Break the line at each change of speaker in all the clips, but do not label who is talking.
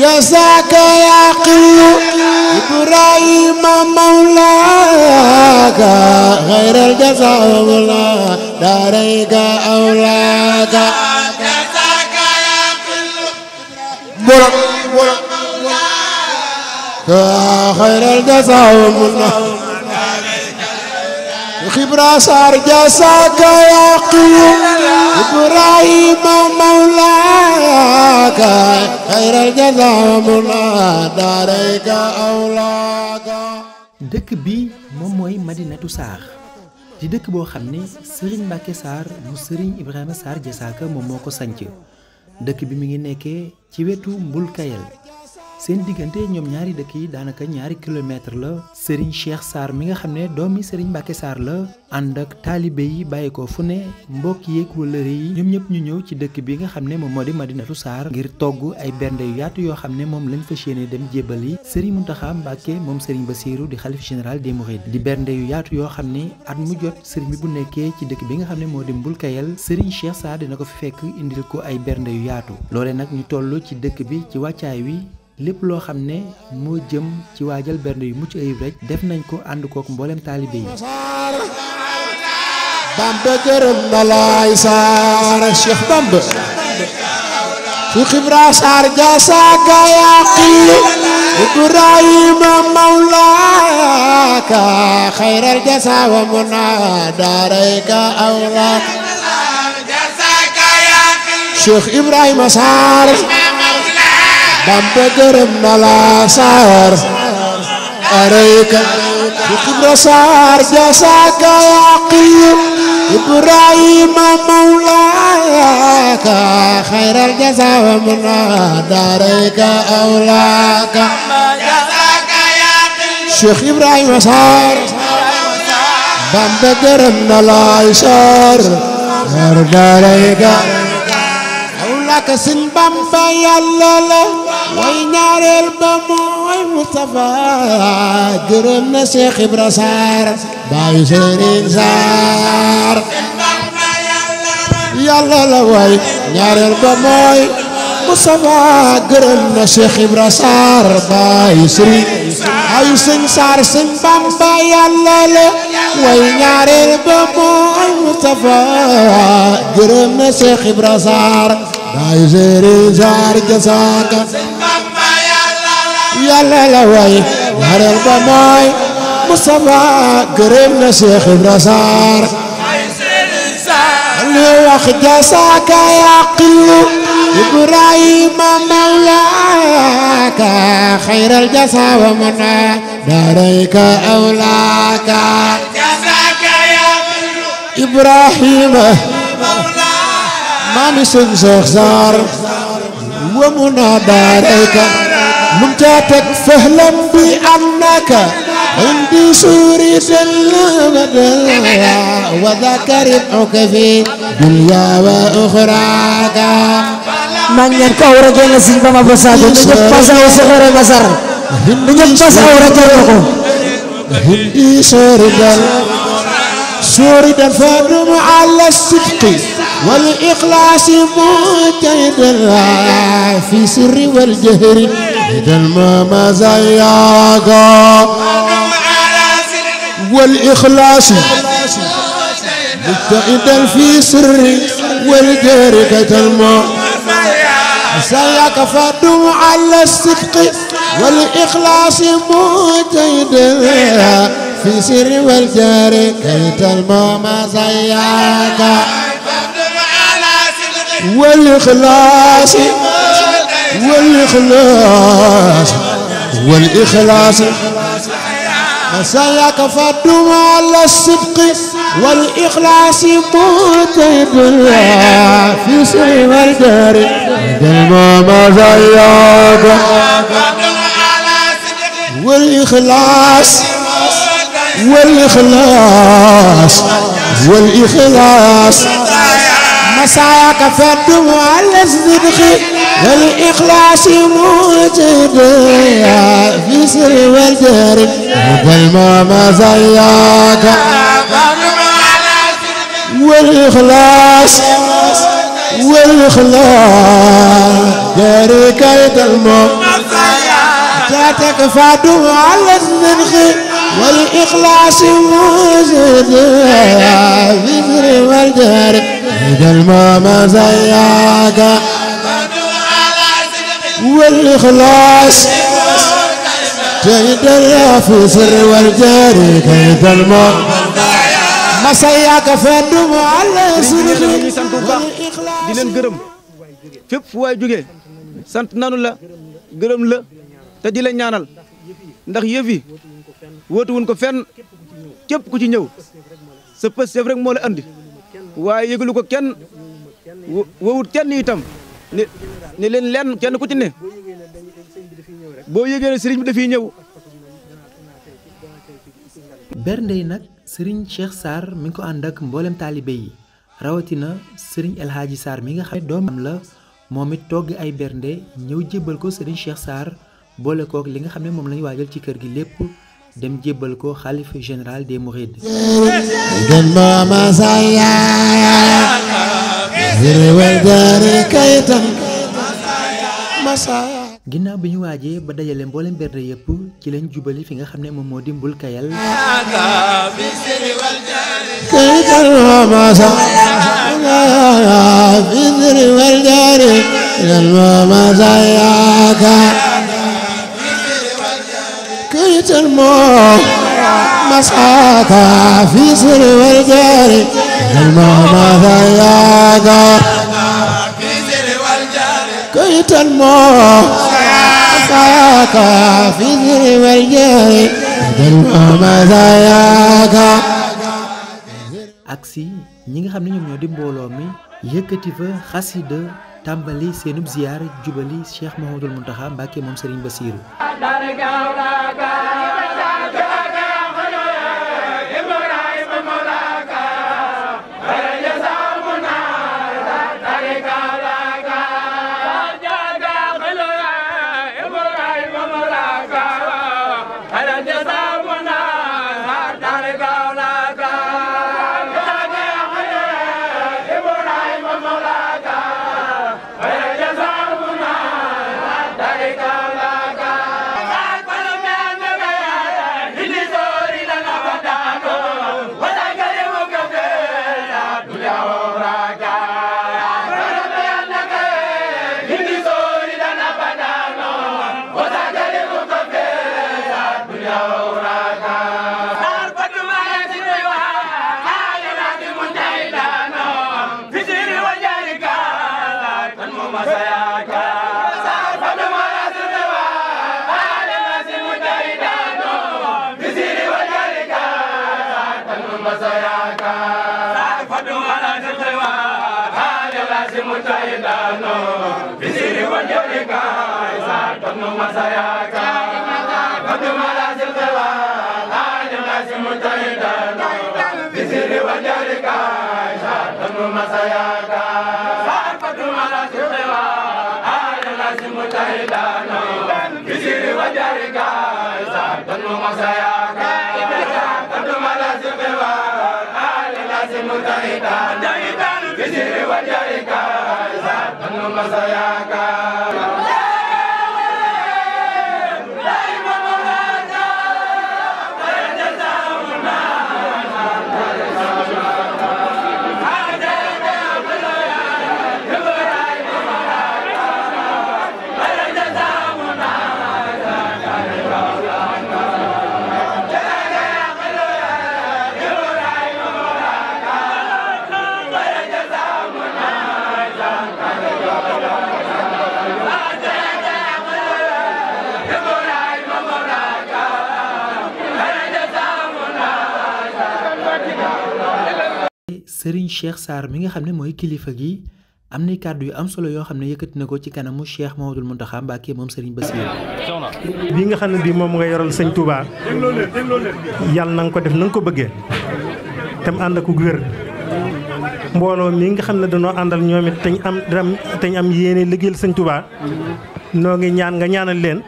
جزاك يا قل إبراهيم مولاك غير الجزاء أولى داريك أولاك جزاك يا قل إبراهيم مولاك غير الجزاء أولى dëkk bi
moom mooy Madinatu Sarr di dëkk boo xam ne Serigne Mbacke Sarr mu Serigne Ibrahima Sarr Jasaaka moom moo ko sanc dëkk bi mu ngi nekke ci wetu Mbul seen diggante ñoom ñaari dëkk yi daanaka ñaari kilomètre la Serigne Cheikh Sarr mi nga xam ne doomi Serigne Mbacke saar la ànd ak taalibe yi bàyyi ko fu ne mbokk yeeg wëllëre yi ñoom ñëpp ñu ñëw ci dëkk bi nga xam ne moom moo di Madinatu Sarr ngir togg ay bernde yu yaatu yoo xam ne lañ fas yéene dem jébbal yi Serigne Mountakha Mbacke moom ba Bassirou di xalif général des Mourides di bernde yu yaatu yoo xam ne at mu jot Serigne bi bu nekkee ci dëkk bi nga xam ne moo di Mbul Kayel Serigne Cheikh dina ko fi fekk indil ko ay bernde yu lépp loo xam ne moo jëm ci waajal bernde yu mucc ayib rek def nañ ko ànd kook mboolem taalibe yi
bamba gërëm na laay saar cheikh bamba fi xibra saar jaasaaka yaa qiilu ibrahima mawlaaka xayral jaasaa awlaak cheikh ibrahima saar Bamba gërëm na la saar arayka ibra saar jasaka yaqiyum ibrahima mawlaaka xayral jasa wa muna daarayka awlaaka Cheikh Ibrahima Saar Bamba gërëm na la saar daarayka naka sëñ Bamba yàlla la la way ñaareel ba mooy Mustafa gërëm na Cheikh Ibra Sarr baayu Serigne baayu sëñ Bamba yàlla la way ñaareel ba mooy Mustafa gërëm na Cheikh Ibra Sarr daay seere saar ja saaka yàlla la way wareel ba mooy Mustafa gërëm na Cheikh Ibra Saar li wax ja saaka yaqilu Ibrahima mawlaaka xayral jasa wa mana daarayka awlaaka ja saaka yaqilu Ibrahima maami sëñ Cheikh Sarr wamu naa daarayka num caa teg fahlam bi annaka indi suuri wa zakarin uka fi dunya wa uxraaka man ñaan ko awra génn sëñ Bamba ba saado nu ñëpp pasaw soxore basar nu ñëpp pas awra génn ko indi suuri dal suuri dal fadum ala sidqi والإخلاص مجتهدا في سر والجهر إذا ما ما زياغا والإخلاص مجتهدا في سر والجهر كتلما زياك فدم على الصدق والإخلاص مجتهدا في سر والجهر كتلما ما زياغا والإخلاص والإخلاص والإخلاص مساياك فاطمة على الصدق والإخلاص مطيب الله في سر والدار دلما مساياك والإخلاص والإخلاص والإخلاص, والإخلاص عساك فد على الصدق والإخلاص موجد في سر والدار قبل ما مزياك والإخلاص والإخلاص داري كيد الموت جاتك فادو على الزنخ والإخلاص موجد في سر والدار الماما زياك والإخلاص كيد في سر
والجاري كيد الماما ما زياك فندم على سنك والإخلاص di leen gërëm fépp fu waay jógee sant nanu la gërëm la te di la ñaanal ndax yëf yi wóotu wuñ ko fenn képp ku ci ñëw sa pës rek moo la andi waaye yëgalu ko kenn wowut kenn itam ne ne leen lenn kenn ku ci ne boo yëgee ne sëriñ bi dafiy ñëw. bernde yi nag sëriñ Cheikh Sarr mi ngi ko ànd ak mboolem taalibe yi rawatina sëriñ El Hadji Sarr mi nga xam ne am la moom it togg ay bernde ñëw jébbal ko sëriñ Cheikh Sarr boole kook li nga xam ne moom la ñu waajal ci kër gi lépp. dem jébbal ko xalifa général des Mourides. ginnaaw bi ñu waajee ba dajale mboolem berde yëpp ci lañ jubali fi nga xam ne moom moo di mbul kayal kayital
الموت مسعاك في سر
ñi nga xam ne ñoom ñoo di mbooloo mi yëkkati fa xasida tàmbali seenub ziyaar jubali Cheikh Mouhamadoul Mountakha Mbacké moom Serigne Bassirou
Masaya. متحدا جاهدا بسر وجهك ساتن مسياك
Cheikh Sarr mi nga xam ne mooy kilifa gi am na kàddu yu am solo yoo xam ne yëkkati na ko ci kanamu Cheikh Mamadou Mountakha Mbacké moom Serigne Bassirou. bii nga xam ne bii moom nga yoral sëñ Touba yàlla na ko def nanga nga ko bëggee tam ànd ak wér mbooloo mi nga xam ne danoo àndal ñoom it te am te ñu am yéene liggéeyal sëñ Touba noo ngi ñaan nga ñaanal leen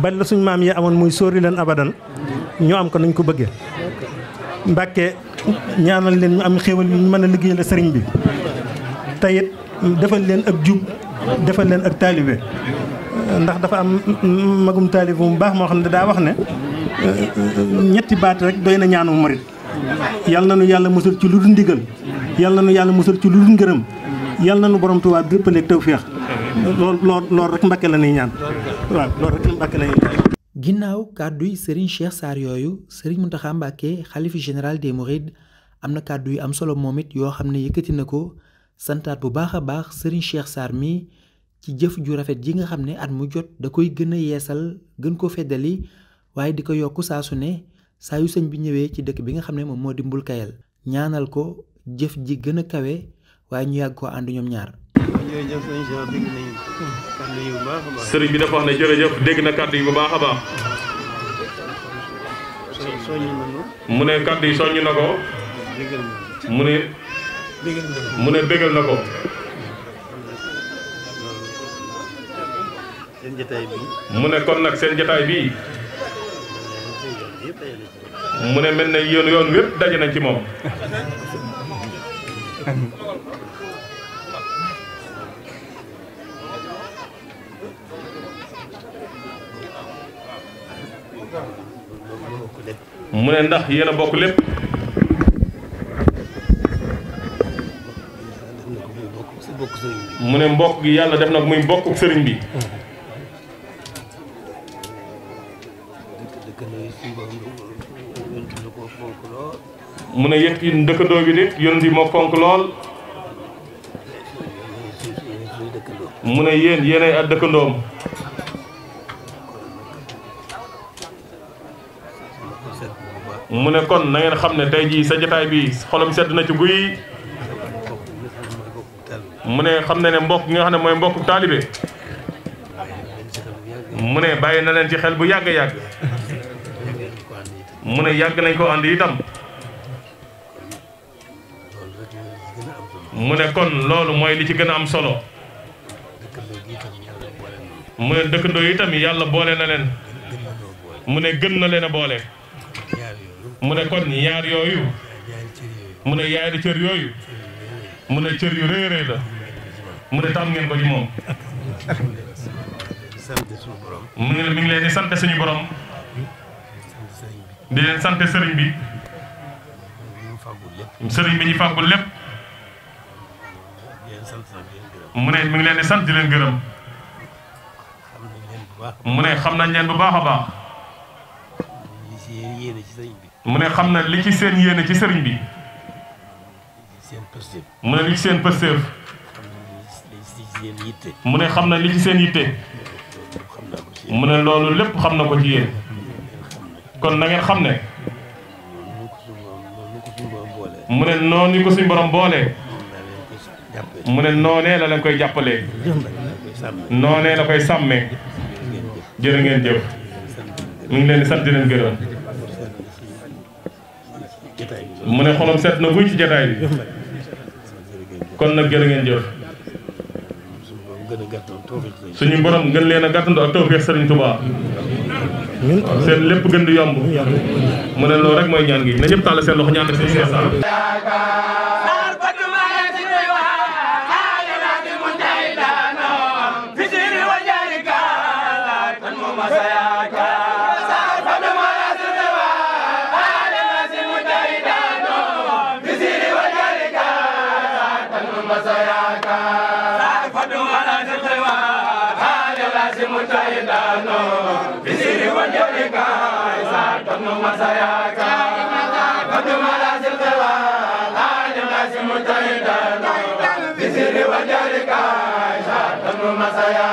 bal la suñ maam yi amoon muy sóori leen abadan ñoo am ko nañ ko bëggee ñaanal leen ñu am xéewal yu ñu mën a liggéeyal la sëriñ bi tayit defal leen ak jub defal leen ak taalibe ndax dafa am magum taalibe mu baax moo xam ne daa wax ne ñetti baat rek doy na ñaanu murit yal na nu yàlla musal ci lu dul ndigal yal na nu yàlla musal ci lu dul ngërëm yal na nu borom tubaab dëppaleeg tawféex lool lool loolu rek mbakke la ñuy ñaan waaw loolu rek mbakke la ñuy ñaan ginnaaw kàddu kàdduy sëriñ Cheikh saar yooyu sëriñ Mountakha Mbacké xalifa général des Mourides am na kàddu yu am solo moom it yoo xam ne yëkkati na ko santaat bu baax a baax sëriñ Cheikh Sarr mii ci jëf ju rafet ji nga xam ne at mu jot da koy gën a yeesal gën ko feddali waaye di ko yokk saa su ne saa sëñ bi ñëwee ci dëkk bi nga xam ne moom moo dimbul kayal ñaanal ko jëf ji gën a kawe waaye ñu yàgg ko ànd ñoom ñaar
jërëjëf sëriñ bi dafa wax ne jërëjëf dégg na kàddu yi bu baax a baax. mu ne kàddu yi soññ na ko. mu ne. mu ne bégal na ko. bi. mu ne kon nag seen jotaay bii. mu ne mel na yoon yoon wépp daje nañ ci moom. mu ne ndax yéen bokk lépp mu ne mbokk gi yàlla def na muy mbokk sëriñ bi mu ne yëpp yi dëkkandoo bi de yonent yi moo fonk lool mu ne yéen yéenay ak dëkkandoom mu ne kon na xam ne tey jii sa jotaay bi xolam sedd na ci guy mu ne xam ne ne mbokk nga xam ne mooy mbokk taalibe mu ne bàyyi na leen ci xel bu yàgg yàgg mu ne yàgg nañ ko ànd itam mu ne kon loolu mooy li ci gën a am solo mu ne dëkkandoo itam yàlla boole na leen mu ne gën na leen a boole mu ne kon ñaar yooyu mu ne yaari cër yooyu mu ne cër yu rëy la mu ne tam ngeen ko ci moom mu mi ngi leen di sant suñu borom
di leen sant sëriñ bi
sëriñ bi ñu fàggul lépp mu ne mu ngi leen di sant di leen gërëm mu ne xam nañ leen bu baax a baax. mu ne xam na li ci seen yéene ci sëriñ bi. mu ne li ci seen pëstéef. mu ne xam na li ci seen yitte. mu ne loolu lépp xam na ko ci yéen. kon na ngeen xam ne. mu ne noonu ko si borom boolee. mu ne noonee la leen koy jàppalee. noonee la koy sàmmee. jërë ngeen jëf. ñu ngi leen di sant di mu ne xolam set na guy ci jataay bi kon nag jërë ngeen jëf suñu borom gën leen a gàttandu ak tawfeex Sëriñ Tuubaa seen lépp gën di yomb mu ne loolu rek mooy ñaan gi na ñëpp tàll seen loxo ñaan ak seen
وجهك ساكن مسياك قدم راس الخلال عالم راس متعدا بسر وجهك ساكن مسياك